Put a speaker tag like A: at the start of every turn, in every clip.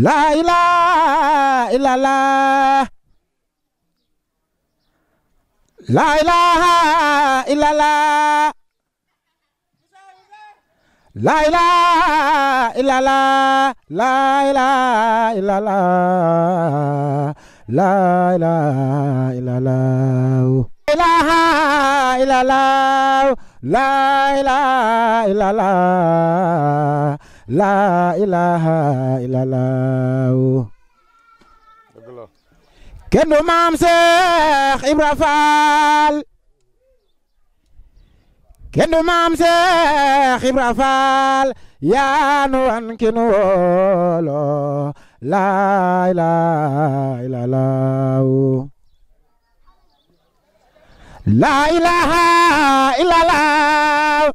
A: laa ilaaha illallah laa laa ilaaha laa laa ilaaha laa laa ilaaha illallah kenn du maam Seex Ibra Faal kenn du maam Seex Ibra Faal yaa nu wan woolo laa ilaaha laa ilaaha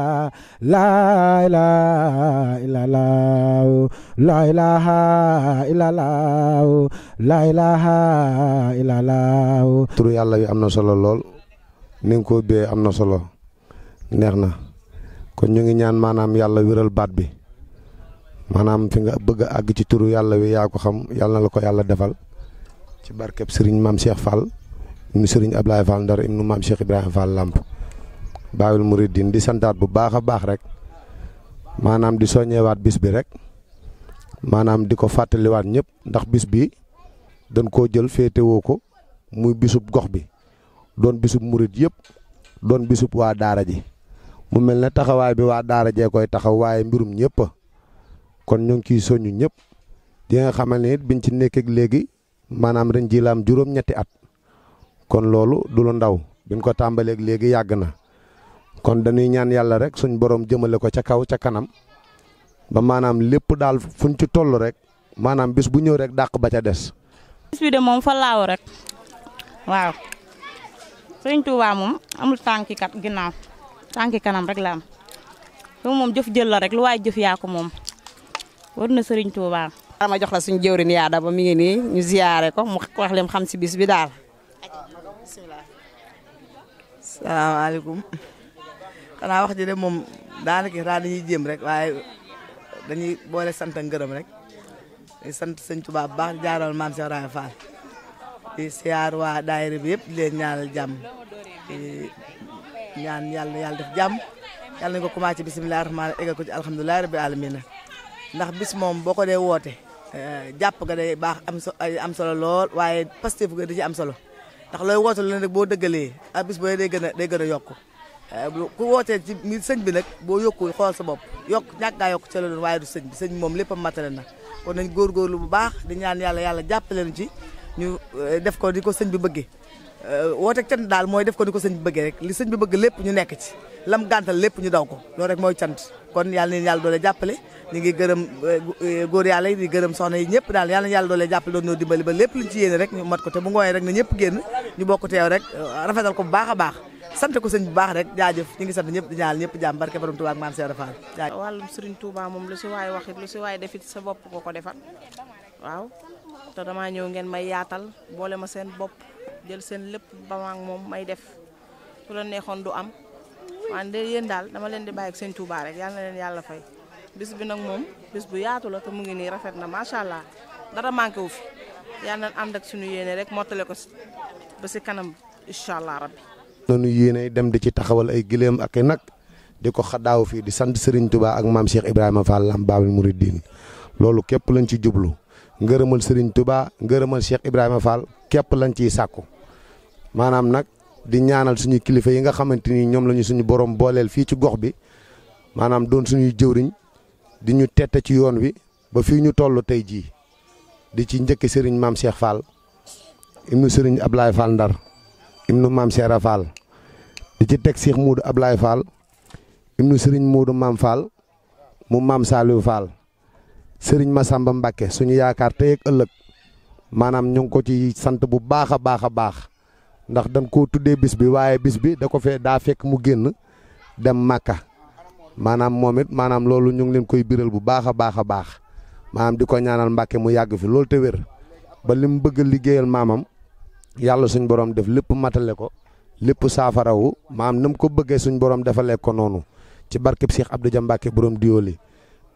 A: La ilaha illallah
B: La ilaha illallah La ilaha ilalau turu yàlla bi am na solo lool ni nga ko ubbee am na solo neex na kon ñu ngi ñaan maanaam yàlla wéral baat bi maanaam fi nga bëgg a ci turu yàlla wi yaa ko xam yàlla na la ko yàlla defal ci barkeb sëriñ maam Cheikh Fall ibnu sëriñ Ablaye Fall Ndar ibnu maam Cheikh Ibrahima Fall Lamp baawil muridin di santat bu baakha a baax rek manam di soññewaat bis bi rek maanaam di ko wat ñep ndax bis bi dañ ko jël fété ko muy bisub gox bi doon bisub murid yep doon bisub wa daara ji mu melne taxaway bi wa daara je koy taxaw waaye mbirum ñep kon ñong ki soñu ñep di nga xamane biñ ci nekkeek maanaam ren ji laam juroom ñetti at kon lolu du lo ndaw biñ ko tambale ak legi yagna kon dañuy ñaan yàlla rek suñ boroom jëmale ko ca kaw ca kanam ba maanaam lépp daal fuñ ci toll rek maanaam bis bu ñëw rek dàq ba ca des.
A: bis de moom fa laaw rek waaw sëñ Touba moom amul tànki kat ginnaaw tànki kanam rek laa am moom jëf jël la rek lu waay jëf yaa ko moom
C: war na sëriñ Touba. ma jox la suñ jëwrin yaa da ba mi ngi nii ñu ziyaare ko mu wax lim xam si bis bi daal. bismillah salaamaaleykum. xanaa wax ji de moom daanaka raa dañuy jéem rek waaye dañuy boole sant ak ngërëm rek di sant sëñ Tuubaa bu baax di jaaral maam Cheikh Ibrahima Fall di siyaar waa daayira bi yëpp di leen jàmm ñaan yàlla yàlla def jàmm yàlla nañu ko commencé bisimilah ko ci alhamdulilah rabbi alamina ndax bis moom boo ko dee woote eh, jàpp nga day baax am am solo lool waaye pastéef ga da ci am solo ndax looy woote lu ne rek boo dëggalee ah bis boo day gën a day gën a yokk Eh, ko wootee ci mi sëñ bi nag boo yokkul xool sa bopp yokk ñàkk ngaa yokk ca doon waaye du sëñ bi sëñ bi moom lépp a matale na kon nañ góorgóorlu bu baax di ñaan yàlla yàlla jàppale ci ñu eh, def ko ni ko sëñ bi bëggee eh, wooteeg cant daal mooy def ko ko sëñ bi bëggee li sëñ bi bëgg lépp ñu nekk ci lam gàntal lépp ñu daw loolu rek mooy cant kon yàlla neen jàppale ñu ngi gërëm góor yàlla yi di gërëm soxna yi ñëpp daal yàlla yàlla doole jàppale doon ñoo dimbali ba lépp luñ ci yéene rek ñu mat ko te bu ngooyee rek na ñëpp génn ñu bokk teew rek rafetal ko bu baax a baax sante ko sëñ bu baax rek jaajëf ñu ngi sante ñëpp di ñaal ñëpp jaam barke borom Tuubaa ak maam Seera Fall
A: jaajëf wàllum Serigne Touba mom lu ci way waxit lu ci way defit sa bop ko ko defal waaw te dama ñew ngeen may yaatal boole ma seen bop jël seen lepp ba ak mom may def su la neexon du am de yeen dal, dama leen di bàyyi ak sëñ Touba rek yalla leen yalla fay bis bi nak mom bis bu yaatu la te mu ngi ni rafet na machallah dara manqué wu fi yalla na suñu yene rek motale ko ba ci kanam inshallah rabbi
B: nañu yéene dem di ci taxawal ay giléem ak i nag di ko xaddaaw fii di sant Serigne Touba ak maam Cheikh Ibrahima Fall Lamp Baabul Mouridine loolu képp lañ ci jublu ngërëmal sëriñ tubaa ngërëmal Cheikh Ibrahima Fall képp lañ ciy sàkku maanaam nag di ñaanal suñu kilifa yi nga xamante ni ñoom lañu suñu borom booleel fii ci gox bi maanaam doon suñuy jëwriñ di ñu tette ci yoon wi ba fii ñu toll tey jii di ci njëkk sëriñ maam Cheikh Fall. ibnu Serigne Ablaye Fall Ndar ibnu di ci tek Cheikh Modou Ablaye Fall ibnu Serigne Modou Mam Fall mu Mam salou Fall Serigne Massamba Mbacke suñu yaakar tey ak ëllëg manam ñu ko ci sante bu baax a baax ndax dañ ko tuddé bis bi waye bis bi da ko fee da fekk mu genn dem Màkka manam momit manam lolu ñu leen koy biral bu baax a baax manam diko ñaanal Mbacke mu yàgg fi lolu te wër ba lim bëgg liggéeyal mamam yalla suñu borom def lepp matalé ko lépp saafarawu maam na mu ko bëggee suñ borom defalee ko noonu ci barkeb Cheikh Abdou Dia Mbacke borom Dioli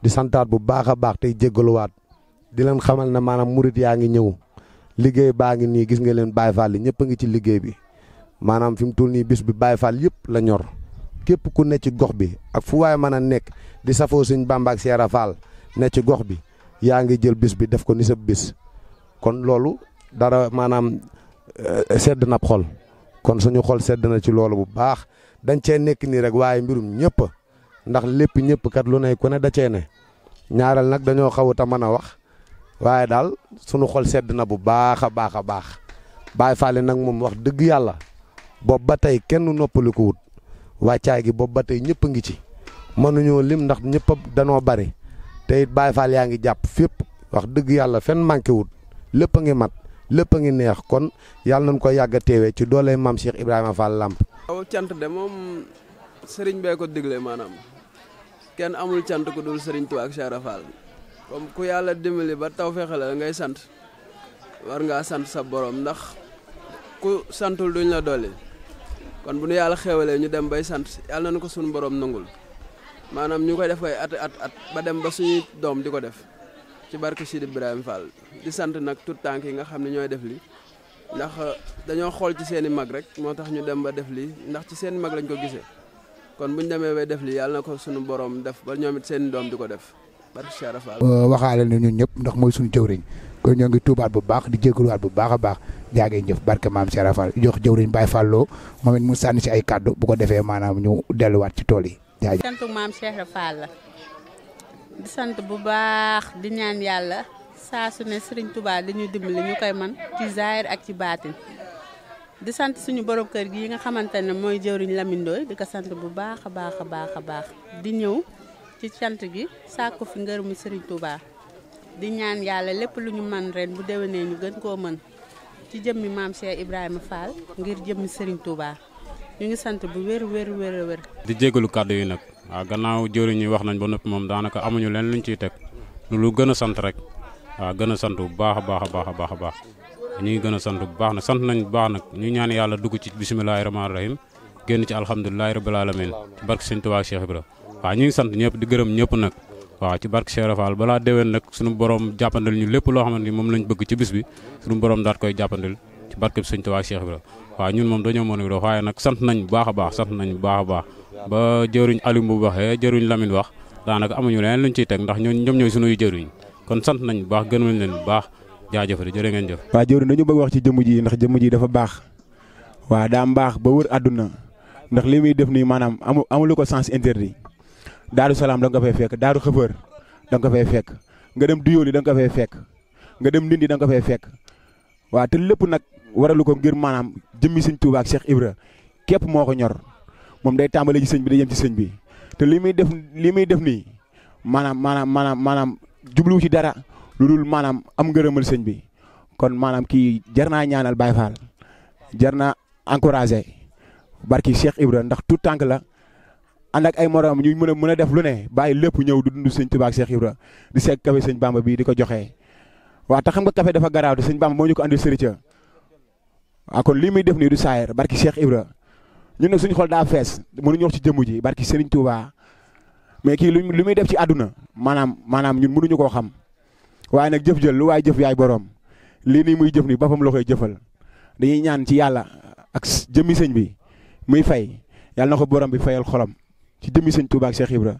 B: di santaat bu baax a baax tey jéggaluwaat di leen xamal ne maanaam murit yaa ngi ñëw liggéey baa ngi nii gis nga leen Baye Fall ñëpp a ngi ci liggéey bi maanaam fi mu toll nii bis bi Baye Fall yëpp la ñor képp ku nekk ci gox bi ak fu waay mën a nekk di safoo suñ Bamba ak Seera Fall ne ci gox bi yaa ngi jël bis bi def ko ni sa bis kon loolu dara maanaam euh, sedd na xol. kon suñu xol sedd na ci loolu bu baax dañ cee nekk nii rek waaye mbirum ñëpp ndax lépp ñëpp kat lu ne ku ne dacee cee ne ñaareel nag dañoo xawut a mën a wax waaye daal suñu xol sedd na bu baax a baax a baax Baay Faal nag moom wax dëgg yàlla bopp ba tey kenn noppali ko wut wàccaay gi bopp ba tey ñëpp ngi ci mënuñoo lim ndax ñëpp dañoo bari te it Baay Faal yaa ngi jàpp fépp wax dëgg yàlla fenn manqué wut lépp a ngi mat. lepp a ngi neex kon yalla nañ ko yàgg a ci dole mam Cheikh Ibrahima Fall Lamp.
D: aw tiant de mom. Serigne bee ko diglé manam ken amul tiant ko dul Serigne Touba ak Cheikh Fall comme ku yalla dimbali ba tawfiq la ngay sant war nga sant sa borom ndax ku santul duñ la dole kon bu nu yàlla xéwalee ñu dem bay sant yalla nañu ko sun borom nangul manam ñu koy def ay at at at ba dem ba suñu dom di def ci barke sid ibrahim Fall di sant nak tout tànk yi nga xamni ñoy def li ndax euh, dañoo xol ci seen mag rek motax ñu dem ba def li ndax ci seen mag lañ ko kon buñ demee way def li yalla nako suñu borom def ba ñoomit seen doom diko def barke Cheikh Fall euh,
A: waxale na ñun ñep ndax moy suñu jëwriñ kon ñoo ngi tuubaat bu baax di jégaluwaat bu baax a baax jaagee ñëf barke maam Cheikh Fall jox jëwriñ bay fallo momit mu sanni ci ay cadeau bu ko defee maanaam ñu delluwaat ci tool yi santu maam Cheikh di sant bu baax di ñaan yàlla saa su ne Serigne Touba dañuy dimbali ñu koy man ci zaahir ak ci baatin di sant suñu borom kër gi yi nga xamante ne mooy jëwriñ Lamine Ndoye di ko sant bu baax a baax a baax a baax di ñëw ci cant gi sàkku fi ngërëmu Serigne Touba di ñaan yàlla lépp lu ñu man ren bu déwénee ñu gën koo mën ci jëmmi maam
D: Cheikh Ibrahima Fall ngir jëmmi Serigne Touba ñu ngi sant bu wér wér wér wér.
E: di jégalu kàddu yi nag. waaw gannaaw jëriñ ñi wax nañ ba noppi moom daanaka amuñu leen luñ ciy teg lu gën a sant rek waaw gën a sant bu baax a baax a baax a baax a baax ñu ngi gën a sant bu baax nag sant nañ bu baax nag ñu ñaan yàlla dugg ci bisimilahi rahmaani rahim génn ci alhamdulilahi rabil alamin ci barke sëñ Tuubaa Cheikh la waa ñu ngi sant ñëpp di gërëm ñëpp nag waaw ci barke Cheikh Rafal balaa déwén nag suñu borom jàppandil ñu lépp loo xamante ni moom lañ bëgg ci bis bi suñu borom daat koy jàppandil ci barke sëñ Tuubaa Cheikh Ibra waaw ñun moom waaye nag sant nañ bu baax a baax sant nañ bu baax a baax ba jëruñ Alioum bu waxee jëruñ Lamine wax daanaka amuñu leneen luñ ciy teg ndax ñooñu ñoom ñooy sunuy jëruñ kon sant nañ bu baax gënuñ leen bu baax jaajëfal jërë ngeen jëf. waaw jëruñ dañu bëgg wax ci jëmm ji ndax jëmm ji dafa baax waaw daa mbaax ba wër àdduna ndax li muy def nii maanaam amu amulu ko sens interdit daaru salaam da nga ko fay fekk daaru xëfër da ko fay fekk nga dem duyooli da nga ko fay fekk nga dem ndindi da nga ko fay fekk waaw te lépp nag waralu ko ngir maanaam jëmmi Sëñ Tuubaa ak Ibra képp moo ko ñor moom day tàmbale ci sëñ bi day yem ci sëñ bi te li muy def li muy def nii maanaam maanaam maanaam maanaam jubluwu ci dara lu dul maanaam am ngërëmal sëñ bi kon maanaam kii jar naa ñaanal Baye Fall jar naa encouragé barki Cheikh Ibra ndax tout tànk la ànd ak ay morom mën a mën a def lu ne bàyyi lépp ñëw di dund sëñ Tuubaa ak Cheikh di seeg café sëñ Bamba bii di ko joxe waaw te xam nga café dafa garaaw te sëñ Bamba moo ñu ko andil sëriñ ca kon lii muy def nii du saayar barki Cheikh Ibra ñu ne suñu xol daa fees mënuñu wax ci jëmm ji barki Serigne Touba mais kii lu muy def ci àdduna maanaam maanaam ñun mënuñu koo xam waaye nag jëf jël lu waaye jëf yaay boroom lii nii muy jëf ni boppam la koy jëfal dañuy ñaan ci yàlla ak jëmmi sëñ bi muy fay yàlla na ko borom bi fayal xolom ci jëmmi sëñ Touba ak Cheikh Ibra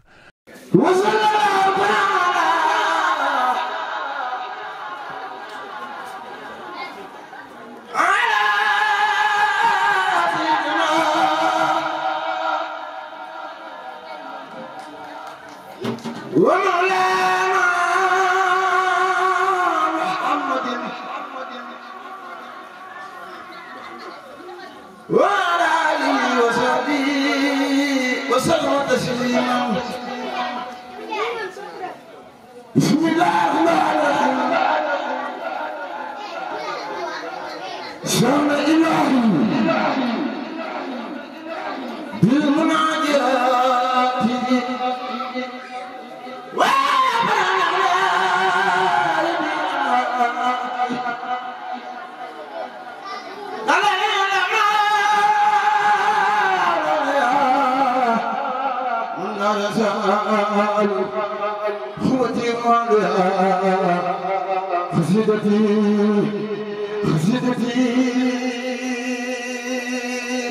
A: xasiidati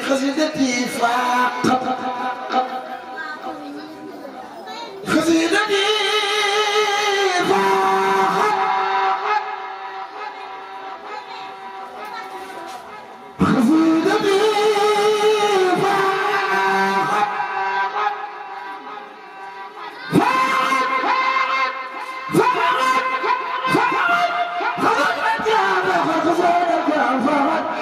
A: xasiidati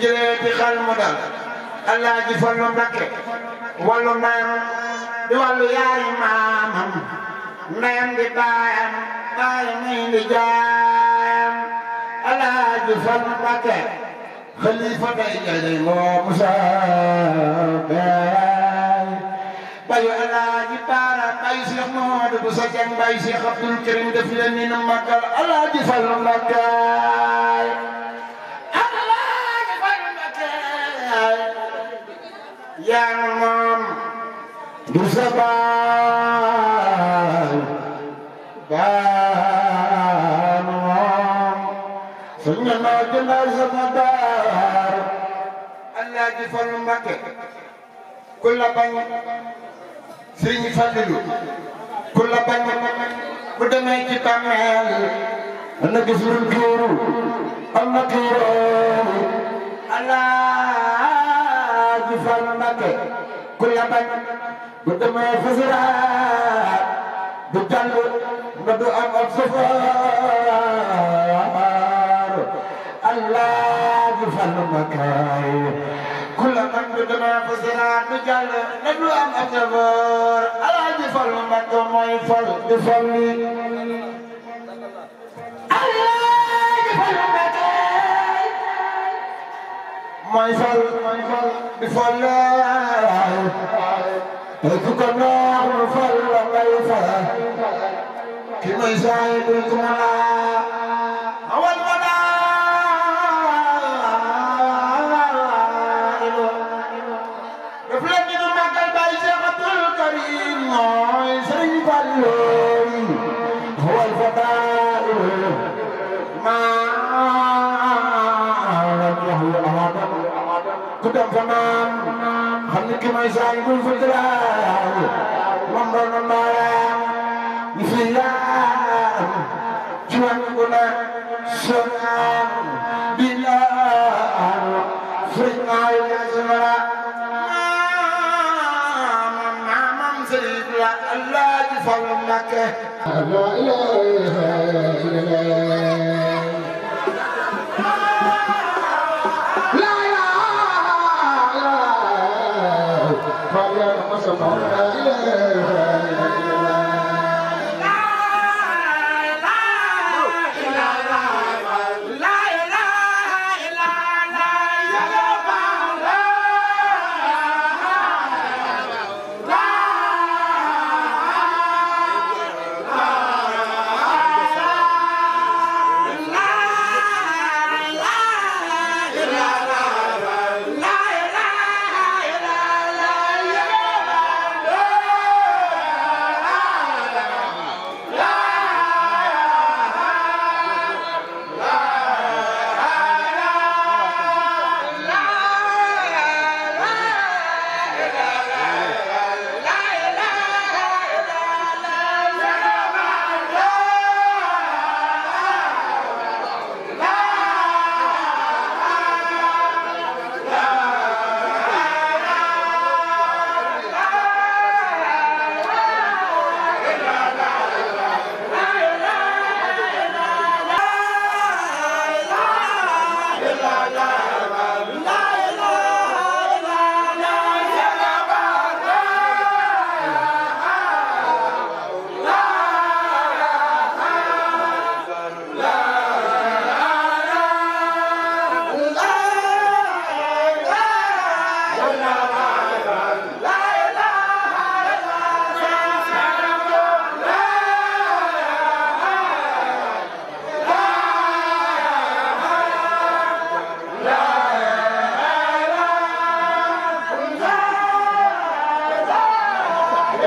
A: jëlee ci xel mu dal allah ji fallu Mbakke wallu ndeyam di wallu yaayi maamam ndeyam di baayam baay muy di jaayam allah ji fallu Mbakke xalifa tay jële moo Musa Baay bayu allah ji baara bayu Cheikh Mamadou bu sa jàng bayu Cheikh Abdoul Karim def leen ni nu màggal allah ji fallu Mbakke yaa ngi moom du sa baay baay moom suñ la noo jëndal sama daar allah ji fal Mbakke ku la bañ sëriñ Fadilu ku la bañ bu demee ci bàmmeel na gis lu tuuru am na tuuru allah Serigne Fallou Mbacké ku la bañ bu demee fasiraat du jàll ba du am ab safaar Allah ji Fallou Mbacké ku la bañ bu demee fasiraat du jàll ba du am ab safaar Allah ji Fallou Mbacké mooy fal di fal
F: Allah ji Fallou Mbacké
A: moysal bifal laay ku ko noox mu fal
F: la ngay fa ki mooy saahibul kumala awal manaa'ilu
A: daf leen ñu màggal Baay Seexul Kariim mooy Sëriñ Fallu tamaam xam ni ki mooy saa yu dul fa jëlaat moom doon na maaraam yu fi laam ci wàllu guna sonaan bi laam fëj naa yu
F: yaa si mara maamam maamam sëriñ
A: la allah ji falu Mbakke. Amém. Então,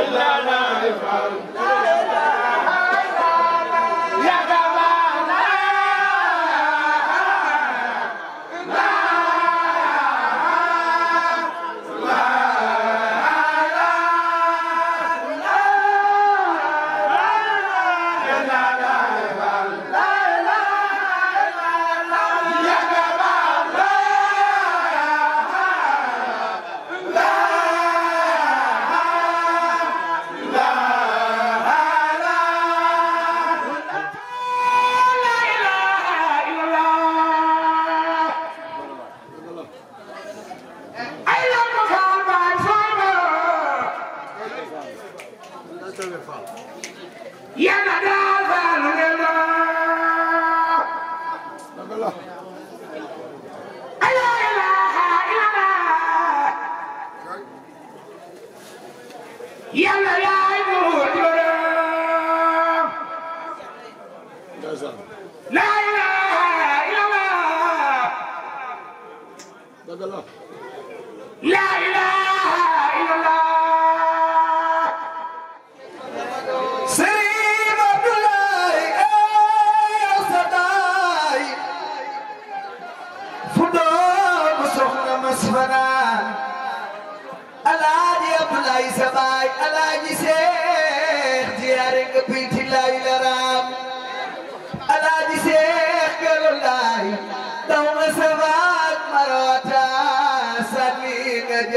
F: Ilana Ifal.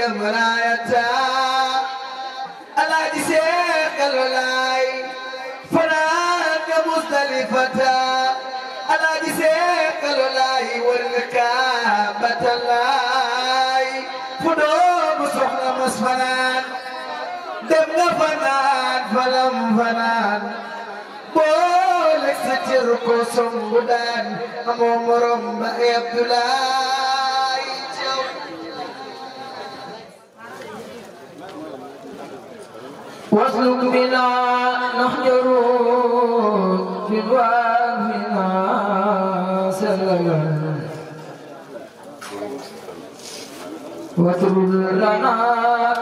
F: al wilaayata alaaji seex al walaay fanaanga mustalifata alaaji seex al walaay war nga kaabatallaay fu doomu soxna mas fanaan dem nga fanaan falam fanaan boo lekk sa cër ko sombu daan amoo morom ba Abdoulaay واسلك
G: بنا نحجر في الوافنا سلما واترد لنا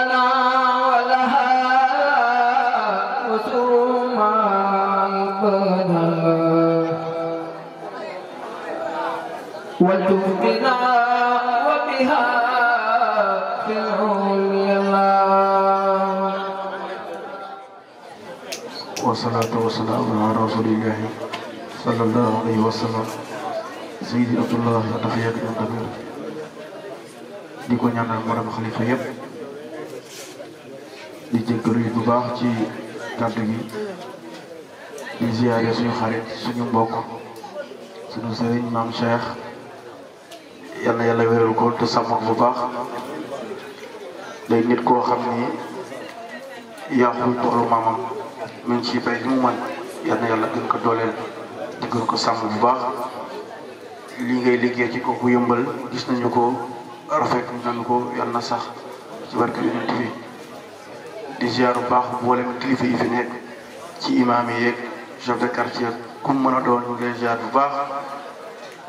G: بنا
F: وبها في العليا
H: والصلاة والسلام على رسول الله صلى الله عليه وسلم سيدي عبد الله di ko ñaanal maram xalifa di jéggalu bu baax ci gi di ziyaare suñu xarit suñu mbokk suñu sëriñ cheikh na yàlla wéral ko te sàmmoon bu baax day nit koo xam ni yaaxul toolu maamam mu ngi ciy bay li mu mën yal na yàlla gën ko dooleel di gën ko sàmm bu baax lii ngay liggéey ci kooku yëmbal gis nañu ko rafet nañu ko yal na sax ci barke yonent bi di ziar bu baax mboolem kilifa yi fi nekk ci imaam yi yeeg chef de quartier ku mën a doon ñu ngi lay bu baax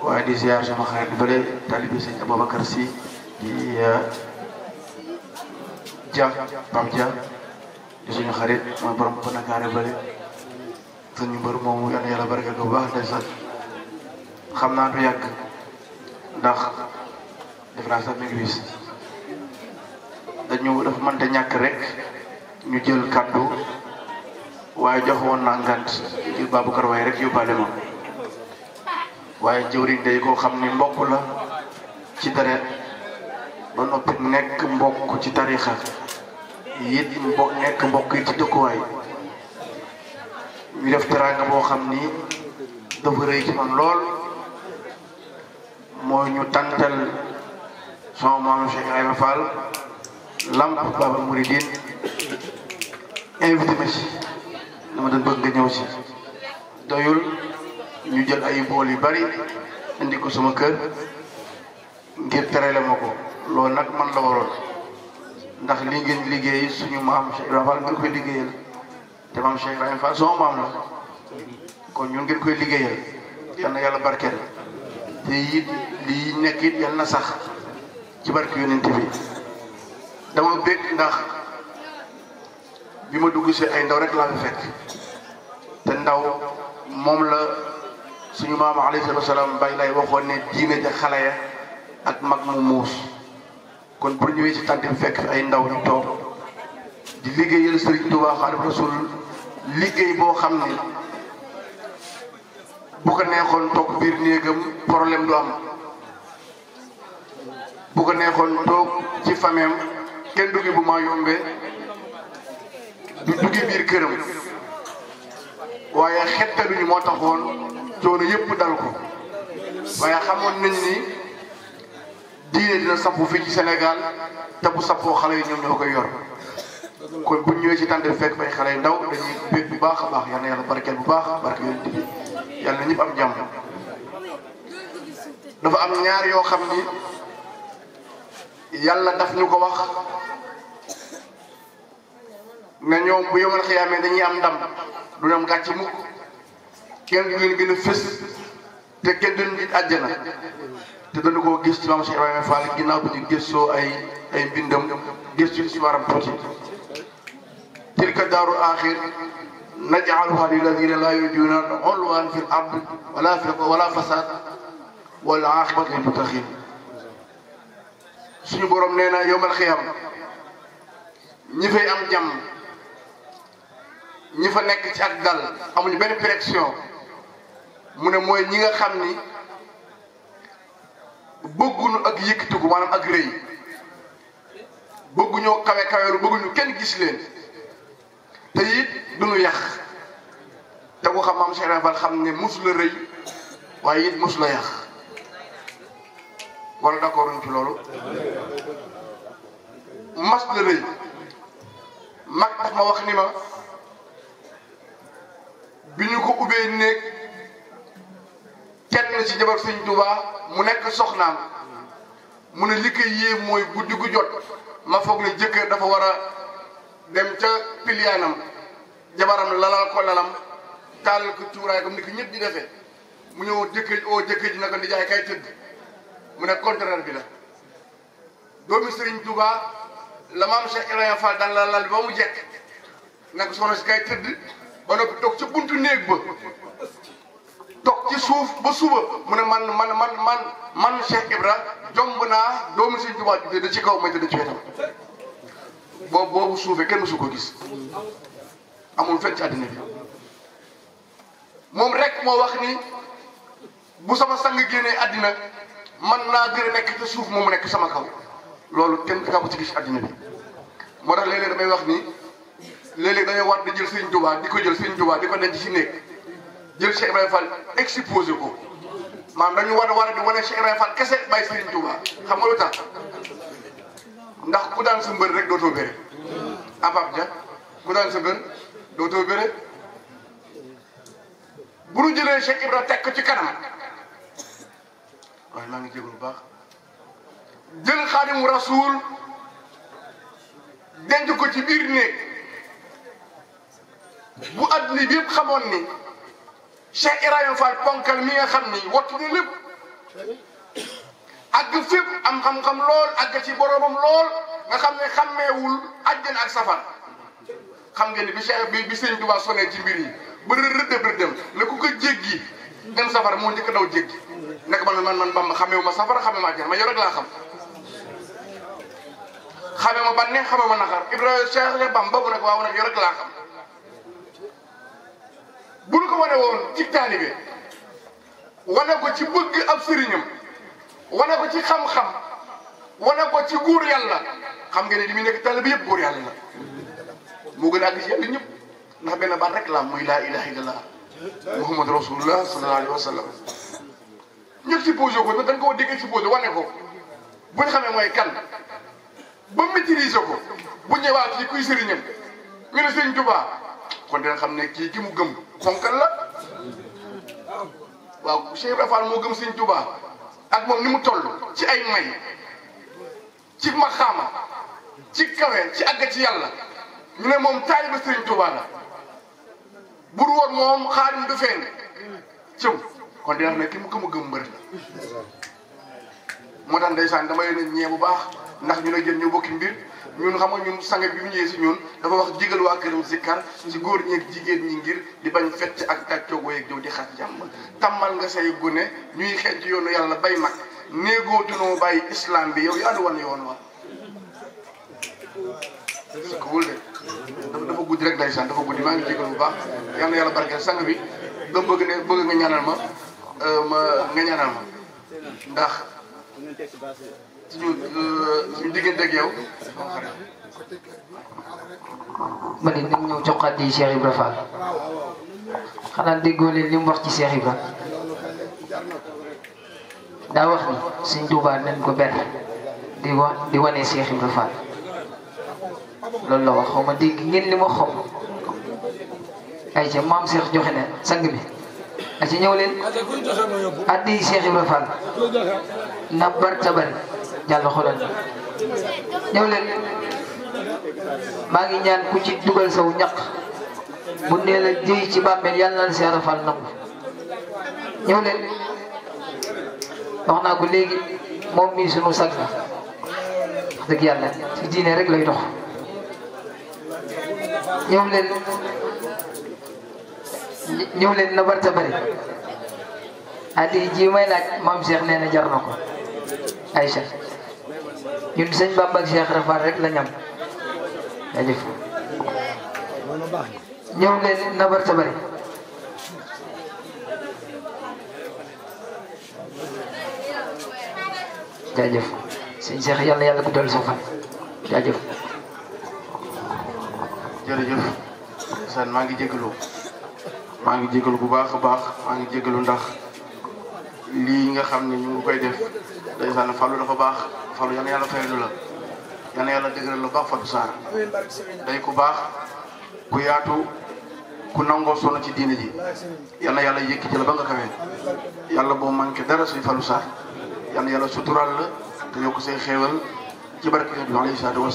H: waaye iya. di ziar sama xarit bu tali talibi sëñ Aboubacar si di ja Pam ja di suñu xarit mooy borom ko nakaare bëre suñu mbër moomu yal na yalla barke ko baax day sax xamna du yag ndax def naa sax mi ngi wis dañu dafa mënta rek ñu jël kaddu waye jox na ngant ngir Babacar waaye rek yu balema waaye jëwriñ day koo xam ni mbokk la ci deret ba noppi nekk mbokk ci tarixa yit mbo nekk mbokk yi ci dëkkuwaay ñu def teraanga boo xam ni dafa rëy ci man lool mooy ñu tantal sama maam Cheikh Ibrahima Fall lamp Baba Mouridine invité ma si dama doon bëgg nga ñëw si doyul ñu jël ay bool yu bari indi ko sama kër ngir terale ma ko loolu nag man la ndax li ngeen liggéey suñu ma Cheikh Ibrahima Fall ngeen koy liggéeyal te maam Cheikh Ibrahima Fall sama maam la kon ñun ngeen koy liggéeyal yal na yàlla barkeel te it lii nekk it sax ci barke yonent bi dama bëgg ndax bi ma dugg si ay ndaw rek laa fekk te ndaw moom la. suñu maam alayhi salaatu lay waxoon ne diine ja xale ya ak mag mu muus kon bu ñëwee ci tànt bi fekk fi ay ndaw ñu toog di liggéeyal Sëriñ Tuubaa Xaadimu Rasuul liggéey boo xam ne bu ko neexoon toog biir néegam am ko neexoon toog ci fameem kenn duggi bu maa yombee du duggi biir këram waaye xettaluñu moo taxoon coono yëpp dal ko waaye xamoon nañ ni diine dina sampu fii ci Sénégal te bu sampoo xale yi ñoom ñoo koy yor kon bu ñëwee ci tànn fekk fay xale yu ndaw dañuy bu baax a baax yal na yàlla barkeel bu baax barke yonent bi yal na ñëpp am jàmm. dafa am ñaar yoo xam ni yàlla daf ñu ko wax ne ñoom bu yomal xiyaamee dañuy am ndam du dem gàcc mukk kenn du ngeen gën a fës te kenn duñ nit te dañu koo gis ci maam Cheikh Ibrahima Fall ginnaaw bi di gëstoo ay ay mbindam gëstu ci waram tuuti tilka daaru aaxir naj'aluhaa lillaziina laa yuriiduuna ulwan fil ardi wala wala fasaad wal aaqibatu lil muttaqiin suñu borom nee na yawmal qiyaam ñi fay am jàmm ñi fa nekk ci ak dal amuñu benn pression. mu ne mooy ñi nga xam ni bëgguñu ak yëkkatiku maanaam ak rëy bëgguñoo kawe kaweeru bëgguñu kenn gis leen te it duñu yàq te ku xam maam Cheikh Ibra xam ne mosu rëy waaye it mosu la yàq wala d'accord loolu mas la rëy mag tax ma wax ni ma bi ñu ko ubbee néeg kenn la ci jabar sëñ Touba mu nekk soxnaam mu ne li yéem mooy guddi gu jot ma foog ne jëkkër dafa war a dem ca piliyaanam jabaram lalal ko lalam taalal ko cuuraay comme ni ko di defee mu ñëw jëkkër oo jëkkër ji na ko di jaay kay tëdd mu ne contraire bi la doomi sëriñ Touba la maam Cheikh Ibrahima Fall la lal ba mu jekk nag soxna si kay tëdd ba noppi toog ca buntu néeg ba toog ci suuf ba suuba mu ne man man man man man Cheikh Ibra jomb naa doomu Sëñ Tuubaa ji ci kaw may tëdd ci wetam boobu boobu suufee kenn su ko gis amul fenn ci moom rek moo wax ni bu sama sang génnee àddina man naa gën a nekk ci suuf moomu nekk sama kaw loolu kenn kaa ko ci gis àddina bi moo tax léeg wax ni léeg-léeg dañoo war di jël Sëñ Tuubaa di ko jël Sëñ Tuubaa di ko denc ci néeg jël Cheikh Ibrahima Fall exposé ko maanaam dañu war a war a di wane Cheikh Ibrahima Fall kese bàyyi Serigne Touba xam nga lu tax ndax ku daan sa mbër rek dootoo bëre Abab ah, Dia ku daan sa mbër dootoo bëre bu ñu jëlee Cheikh Ibrahima ci kanam waaye maa ngi jégalu baax jël Xaadimu Rasuul denc ko ci biir néeg bu adduna bi yëpp xamoon ni. Cheikh Ibrahima Fall ponkal mi nga xam ni wattu na lépp àgg fépp am xam-xam lool àgg ci boromam lool nga xam ne xàmmeewul àjjana ak safar xam ngeen ni bi Cheikh bi bi Sëriñ waa sonee ci mbir yi ba rëddëb rëddëm la ku ko jéggi dem safar moo njëkk daw jéggi nekk man man man Bamba xàmmeewu ma safar xàmmeewu ma àjjana ma yow rek laa xam xàmmeewu ma bànneex xàmmeewu ma naxar Ibrahima Cheikh Bamba boobu nag waaw nag yow rek laa xam bu nu ko wane woon ci taalibe wane ko ci bëgg ab sëriñam wane ko ci xam-xam wane ko ci guur yàlla xam nga ne li muy nekk taalibe yëpp guur yàlla la moo gën a àgg si yàlla ñëpp ndax benn baat rek la muy laa ilaha illallah muhammad rasulullah sallallahu alayhi wa sallam ñëpp si posé ko dañ ko war a dégg si posé wane ko bu ñu xamee mooy kan ba maîtriser ko bu ñëwaat fii kuy sëriñam ñu ne sëriñ Tuubaa kon dina xam ne kii ki mu gëm fonkal la waaw Cheikh Ibra moo gëm Sëñ Tuubaa ak moom ni mu toll ci ay may ci maxaama ci kawe ci àgg ci yàlla ñu ne moom taaliba Sëñ Tuubaa la bur woon moom xaarim du feeñ cëw kon dina xam ne ki mu gëm a gëm mbër la moo tax ndeysaan dama leen ñee bu baax ndax ñu ne jën ñu bokki mbir ñun xam nga ñun sange bi mu ñëwee si ñun dafa wax digal waa këram zikkar si góor ñi jigéen ñi ngir di bañ fecc ak tàccoo woyeeg jow di xat jàmm tàmmal nga say gune ñuy xeej yoonu yàlla bay mag néegoo tunoo bàyyi islam bi yow yaa di wan yoon wa su ko wul rek ndeysaan dafa guddi maa ngi bu baax yal na yàlla barkeel sang bi dama bëgg ne bëgg nga ñaanal ma euh, ma nga ñaanal ma ndax suñu euh, euh, suñu diggante ak yow.
G: ma ne nañ ñëw joxaat yi Cheikh Ibra xanaa déggoo leen li wax ci Cheikh Ibra daa wax ni suñ Tuubaa nañ ko benn di wa di wane Cheikh Ibra loolu la wax xaw ma dégg ngeen li ma xaw ay ca maam Cheikh joxe na sang bi ay ca ñëw leen addi Cheikh Ibra Fall na bar tabari yàlla xoolal maa ngi ñaan ku ci dugal saw ñaq bu nee la jëy ci bàmmeel yàlla na la seera fal nangu ñëw leen wax naa ko léegi moom mii sunu sag bi wax yàlla ci diine rek lay dox ñëw leen ñëw leen na barta bari addi ji may laaj maam Cheikh nee na jar na ko Aïcha yun sen babag ak Cheikh Rafal rek la ñam nabar ta bari sen sëñ Cheikh yal na yàlla guddal sa fan
H: san maa ngi jégalu maa ngi jégalu bu baax baax lii nga xam ne ñu ngi koy def ndeysaan Fallou dafa baax Fallou yal na yàlla fayal la yal yàlla dëgëral lu baax Fatou Sarr day ku baax ku yaatu ku nangoo sonn ci diine ji yal yàlla yëkkati la ba nga xamee yàlla boo manqué dara suy Fallou Sarr yal yàlla suturaal la te yokk say xéewal ci barke bi alayhi salaatu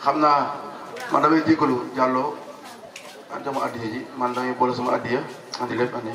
H: xam naa man damay jégalu Diallo ak dama addiya ji man boole sama addiya andi andi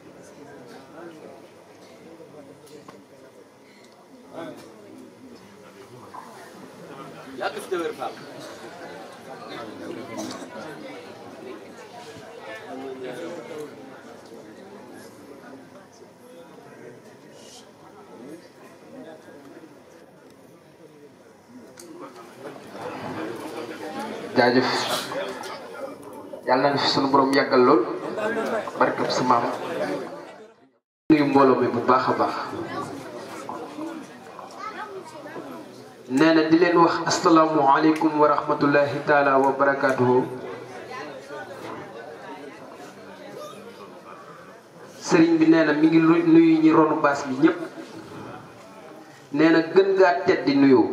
I: Jadi, jalan falan.
D: jaajëf yàlla na fi borom yàggal lool barkab nee di leen wax asalaamualeykum wa rahmatullahi taala wa barakaatuhu sëriñ bi nee na mi ngi nuyu ñi ronu baas bi ñëpp nee na gën gaa tedd di nuyoo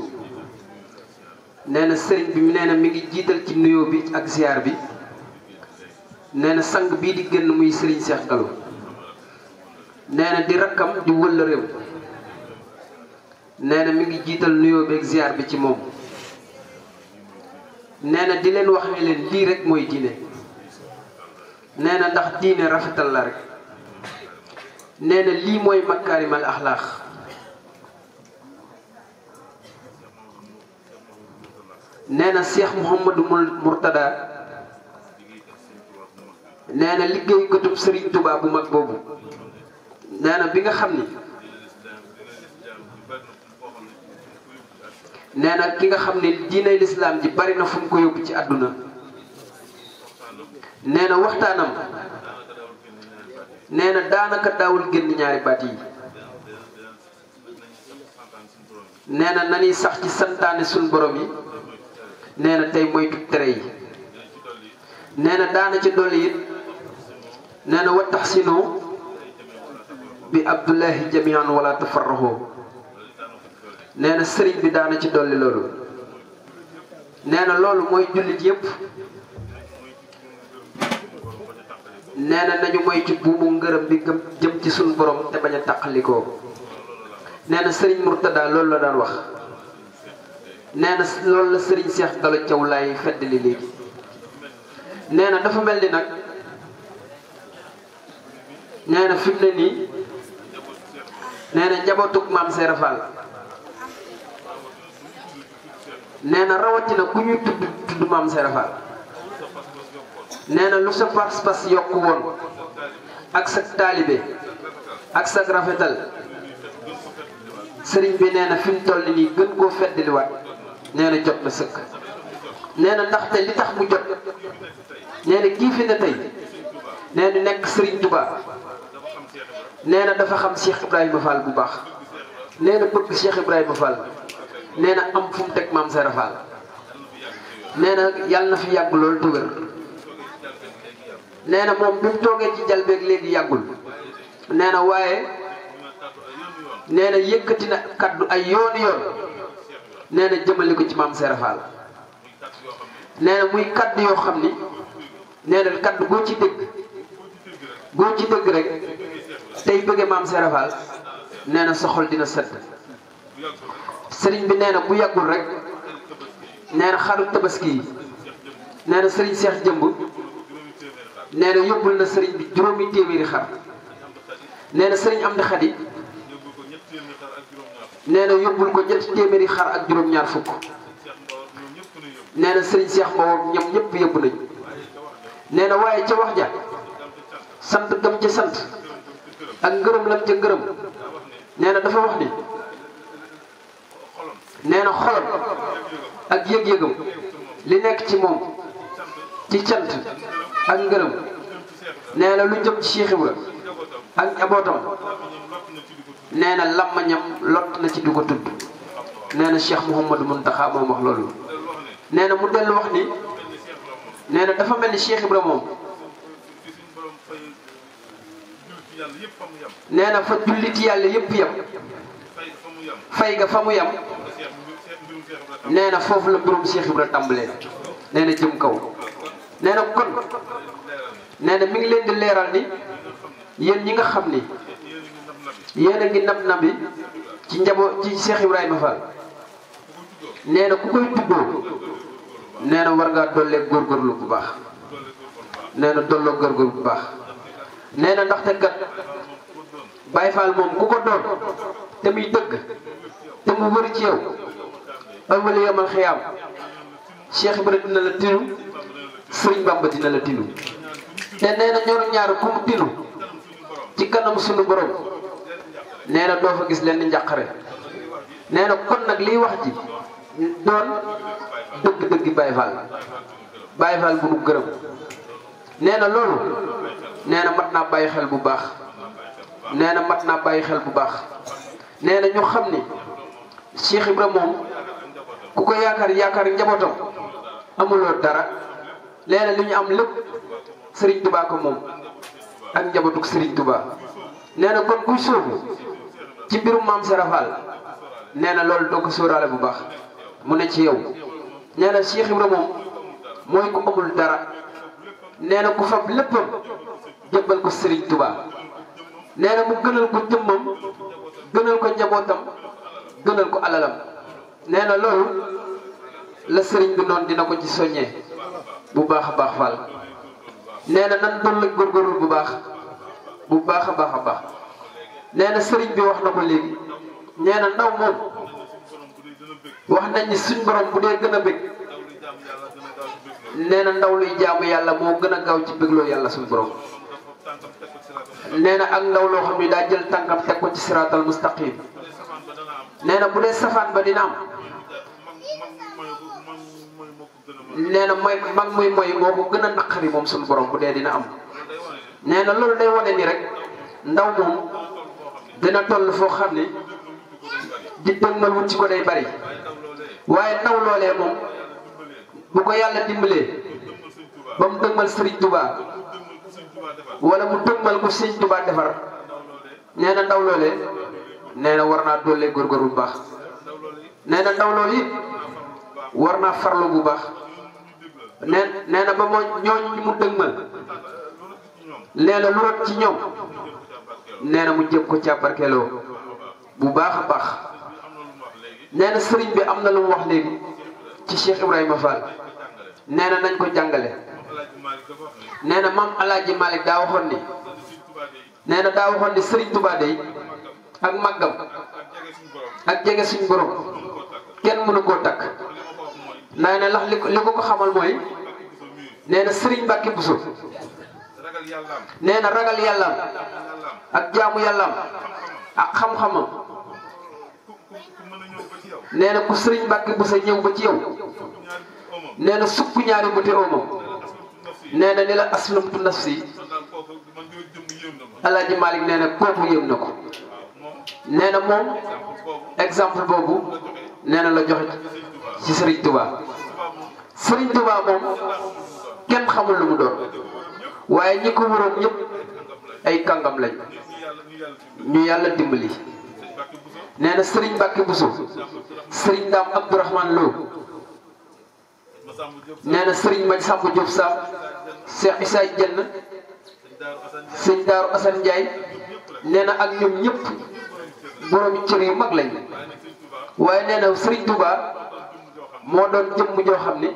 D: nee na sëriñ bi nee na mi ngi jiital ci nuyoo bi ak ziar bi nee na sang bii di génn muy sëriñ Seex Galu nee di rakkam di wëll réew nee na mi ngi jiital nuyoo beeg ziar bi ci mom nee di len wax ne len li rek moy diine nee ndax diine rafetal la rek nee li moy makarim al akhlaq nee cheikh mohammed murtada Mourtada liggey ko liggéeykatub Serigne Touba bu mag bobu nee bi nga xamni nee na ki nga xam ne diinay lislaam ji bari na fu mu ko yóbbu ci àdduna neena na waxtaanam nee na daanaka daawul génn ñaari baat yi nee na nañuy sax ci santaane suñ borom yi neena tey moytu tere yi nee na daana ci dolli it nee na wattaxsinu bi abdullahi jamian wala tafarraxoo nee sëriñ bi daana ci dolli loolu nee na loolu mooy jullit yépp nee na nañu moytu buumu ngërëm bi gëm jëm ci suñu boroom te bañ a tàqalikoo nee na sëriñ Murtada loolu la daan wax nee na la sëriñ Seex Galo Thiaw laay feddali léegi nee na dafa mel ni nag nee na fi mu nii nee na njabootug maam Seera Fall nee na rawatina ku ñuy tudd tudd maam Serap Fall nee na lu sa pas-pas yokk woon ak sa taalibe ak sa rafetal sëriñ bi nee na fi mu toll nii gën koo feddaliwaat nee na jot na sëkk. nee na ndaxte li tax mu jot nee na kii fi ne tey nee na nekk sëriñ Touba nee na dafa xam Cheikh Ibrahima Fall bu baax nee na bëgg Cheikh Ibrahima Fall. nee na am fu mu teg maam Serap Fall nee na fi yàgg loolu te wér moom bi mu toogee ci jalbeeg léegi yàggul nee na waaye neena na yëkkati na kaddu ay yooni yoon nee na ko ci maam Serap Fall muy kàdd yoo xam ni nee na kaddu goo ci dégg goo ci dégg rek tey bëggee maam Serap Fall nee na soxol dina sedd. sering bi neena ku yagul rek neena xaru tabaski neena sering Cheikh Jëmb neena yobul na sering bi juroomi téeméeri xar neena sering sëriñ khadi neena yobul ko ñetti téeméeri xar ak juroom ñaar fukk neena sering Cheikh mo ñoom ñep yóbbu nañ neena waye ci wax ja sant gam ci sant ak ngërëm lam ci ngërëm neena dafa wax ni. nee na xolam ak yëg-yëgam li nekk ci moom ci cant ak ngërëm nee na lu jëm ci Cheikh Ibra ak njabootam nee na làmmañam lott na ci du ko tudd nee na Cheikh Mouhamadou Mountakha moom wax loolu nee na mu dellu wax ni nee na dafa mel ni Cheikh Ibra moom nee na fa jullit yàlla yëpp yam fay nga fa mu yam nee na foofu la mbirum Cheikh Ibra tàmbalee nee na jëm kaw nee kon nee na mi ngi leen di leeral ni yéen ñi nga xam ni yéen a ngi nab nabi ci njabo ci Cheikh Ibrahima Fall nee na ku koy tuddoo nee na war ngaa dollee góorgóorlu bu baax nee na dolloo góorgóorlu bu baax nee na ndaxte kat Baye Fall moom ku ko doon te muy dëgg te mu wër ci yow ba wala yamal xiyaam Cheikh Ibrahima dina la tinu Sëriñ Bamba dina la tinu te nee na ñoom ñaar ku mu tinu ci kanam suñu borom nee doo fa gis leen njàqare nee kon nag liy wax ji doon dëgg-dëgg Baye Fall Baye Fall bu nu gërëm nee na loolu nee mat naa bàyyi xel bu baax nee na mat naa bàyyi xel bu baax. nee na ñu xam ni Cheikh Ibra moom ku ko yaakaar yaakaar njabootam amuloo dara nee na ñu am lépp sëriñ Touba moom ak njabootug Serigne tubaa nee na kon kuy sóobu ci mbirum maam Serafal nee na loolu doo ko bu baax mu ne ci yow nee na Cheikh Ibra moom mooy ku amul dara nee na fab léppam jëbbal ko Serigne tubaa nee mu gënal ko jëmmam. gënal ko njabootam gënal ko alalam nee na loolu la sëriñ bi noonu dina ko ci soññee bu baax a baax faal nee na nan doon la góorgóorlu bu baax bu baax a baax a baax nee na sëriñ bi wax na ko léegi nee na ndaw moom wax nañ ni suñ borom bu dee gën a bëgg nee na ndaw luy jaamu yàlla moo gën a gaaw ci bëggloo yàlla suñ borom nee na ak ndaw loo xam ne daa jël tànkam teg ko ci siraatal mustaqim nee na bu dee safaan ba dina am nee na mooy mag muy mooy moo ko gën a naqari moom suñu borom bu dee dina am nee na loolu day wone ni rek ndaw moom dina toll foo xam ne di dëgmal wut ci ko day bari waaye ndaw loolee moom bu ko yàlla dimbalee ba mu dëgmal Serigne Touba. wala mu tëmbal ko sëñ Tuubaa defar nee na ndaw loolee nee na war naa dollee góorgóorlu bu baax nee na ndaw loolu war naa farlu bu baax nee nee na ba moo ñooñ mu dëgmal nee na lu rot ci ñoom nee na mu jëm ko ca bu baax a baax nee na sëriñ bi am na lu mu wax léegi ci Cheikh Ibrahima Fall nee na nañ ko jàngale nee na maam El Hadj Malick daa waxoon ni. nee na daa waxoon ni Serigne Touba ak màggam ak jege suñu borom kenn mënu koo takk. nee na ndax li ko li ko ko xamal mooy nee na Serigne Mbacke Bousso ragal yàllaam ak jaamu yàllaam ak xam-xamam. nee na ku Serigne Mbacke Bousso ñëw ba ci yow nee na sukk ñaari buté oomam. nee na ni la aslamtu nafsi Alaaji Malick nee na kooku yëm na ko nee na moom exemple boobu nee na la joxe ci Serigne Touba Serigne Touba moom kenn xamul lu mu doon waaye ñi ko waroon ñëpp ay kàngam lañ ñu yàlla dimbali. nee na sëriñ Mbacke Bousso Serigne Dame Abdourahmane Lo nee na Serigne Maj Samb Diop Sarr. Cheikh Issa Dieng sëñ Daaru Assane Ndiaye nee na ak ñoom ñépp boroomi cër yu mag lañ waaye nee na Serigne Touba moo doon jëmm joo xam ne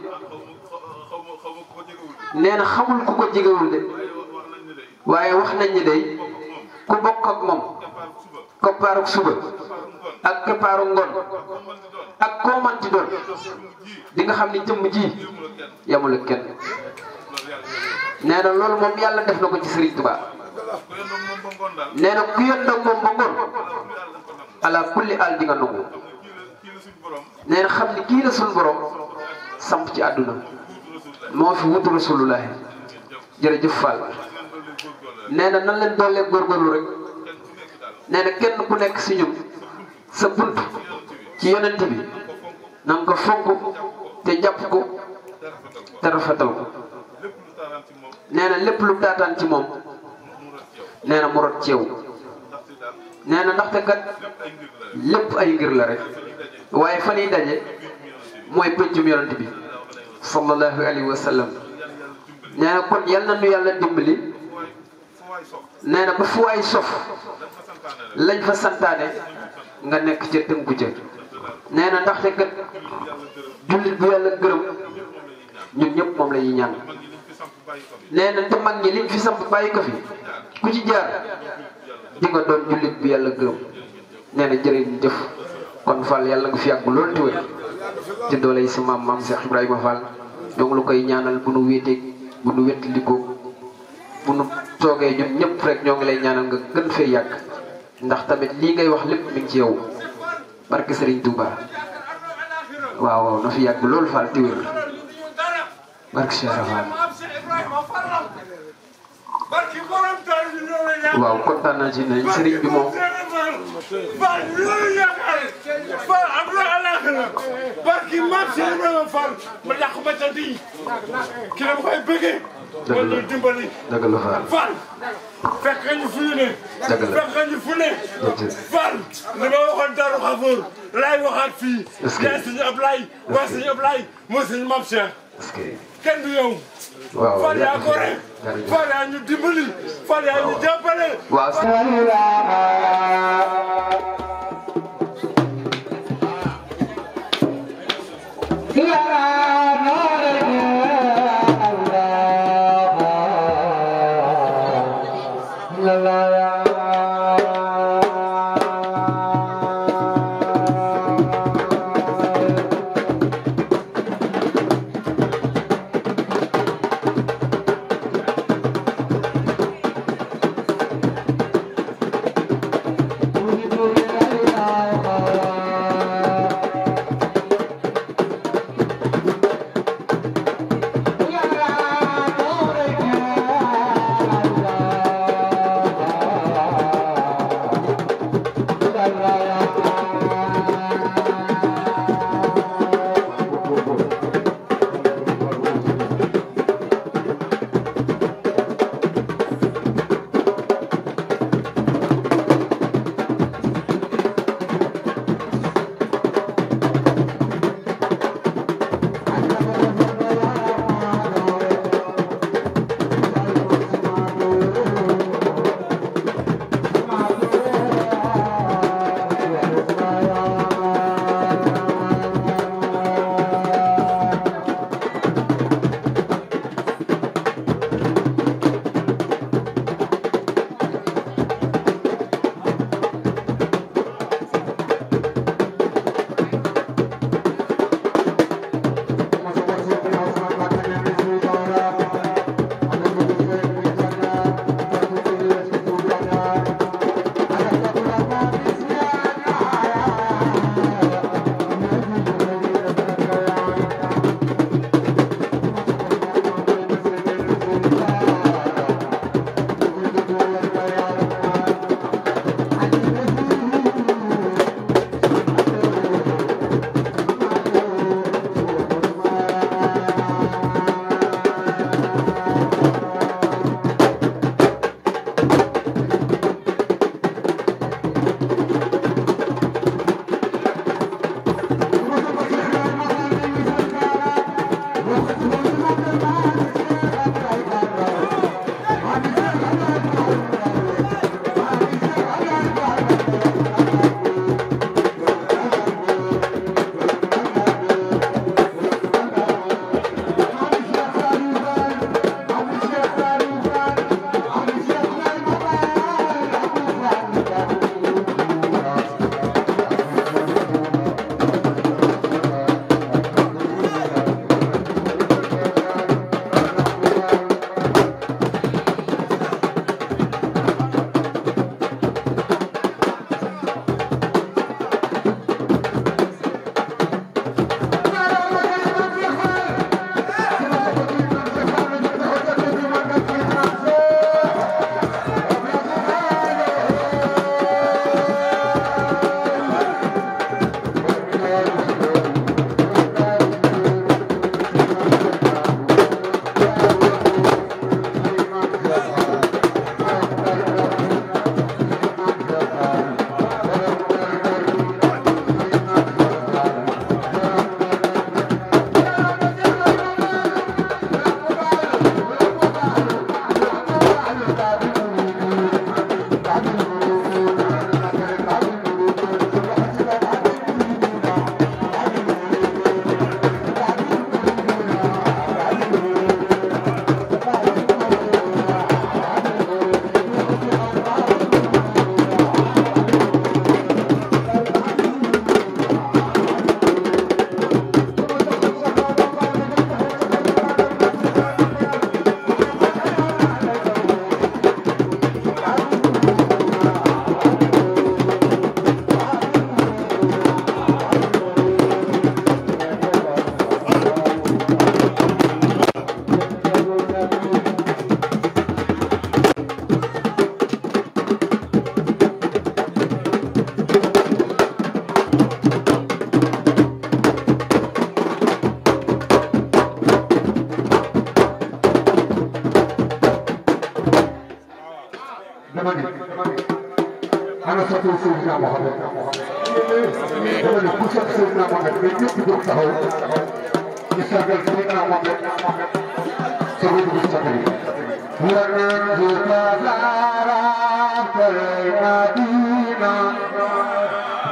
D: nee na xamul ku ko jegewul de waaye wax nañ ni day ku bokk ak moom koppaaruk suba ak koppaaru ngoon ak koo manti doon di nga xam ne jëmm ji yamul kenn. nee na loolu moom yàlla def na ko ci Serigne Touba. nee ku yëndoo moom ba ngoon ala kulli al di nga nangu. nee xam ni kii la suñu borom samp ci àdduna moo fi wutu nan leen doolee góorgóorlu rek nee na kenn ku nekk si ñun sa bunt ci yonent bi na nga ko fonk te jàpp ko te rafetal ko. nee na lépp lu daataan ci moom nee na mu rot na ndaxte kat lépp ay ngir la rek waaye fan yi daje mooy pëccum yonent bi sallallahu alayhi wa sallam nee kon yal na nu yàlla dimbali nee na ba fu waay sof lañ fa santaane nga nekk ca tënku ca nee na ndaxte kat jullit bu yàlla gërëm ñun ñëpp moom la ñaan nee te mag ñi lim fi samp bàyyi ko fi ku ci jaar di nga doon jullit bi yàlla gërëm nee na jërëjëf kon fal yàlla nga fi yàgg lool te wér ci dooley sa maam maam Cheikh Ibrahima Fall ñoo ngi la koy ñaanal bu nu wéeteeg bu nu wettalikoo bu nu toogee ñun ñëpp rek ñoo ngi lay ñaanal nga gën fee yàgg ndax tamit lii ngay wax lépp mi ngi ci yow barke Serigne Touba waaw waaw na fi yàgg lool fal ti wér barke Cheikh ibrahima
F: waaw kontaan naa ci ne sëriñ
D: bi moom. barki
F: maam Cheikh
H: Ibrahima Fall ma dàq ma sant yi
A: ki la koy
D: bëggee. dëgg la ñu dimbali. dëgg la Fall.
H: Fall fekk nga ñu fu
E: ñu ne. dëgg la fekk nga ñu fu ne. Fall li ma waxoon Darou Khafour laay waxaat fii. est ce que yaay suñu Ablaye. est ce que waa suñu Ablaye mooy suñu maam Cheikh. est ce que kenn du yow. fal yaa ko rek fal yaa ñu dimbali fal yaa ñu jàppale
A: waaw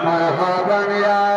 F: महावन्या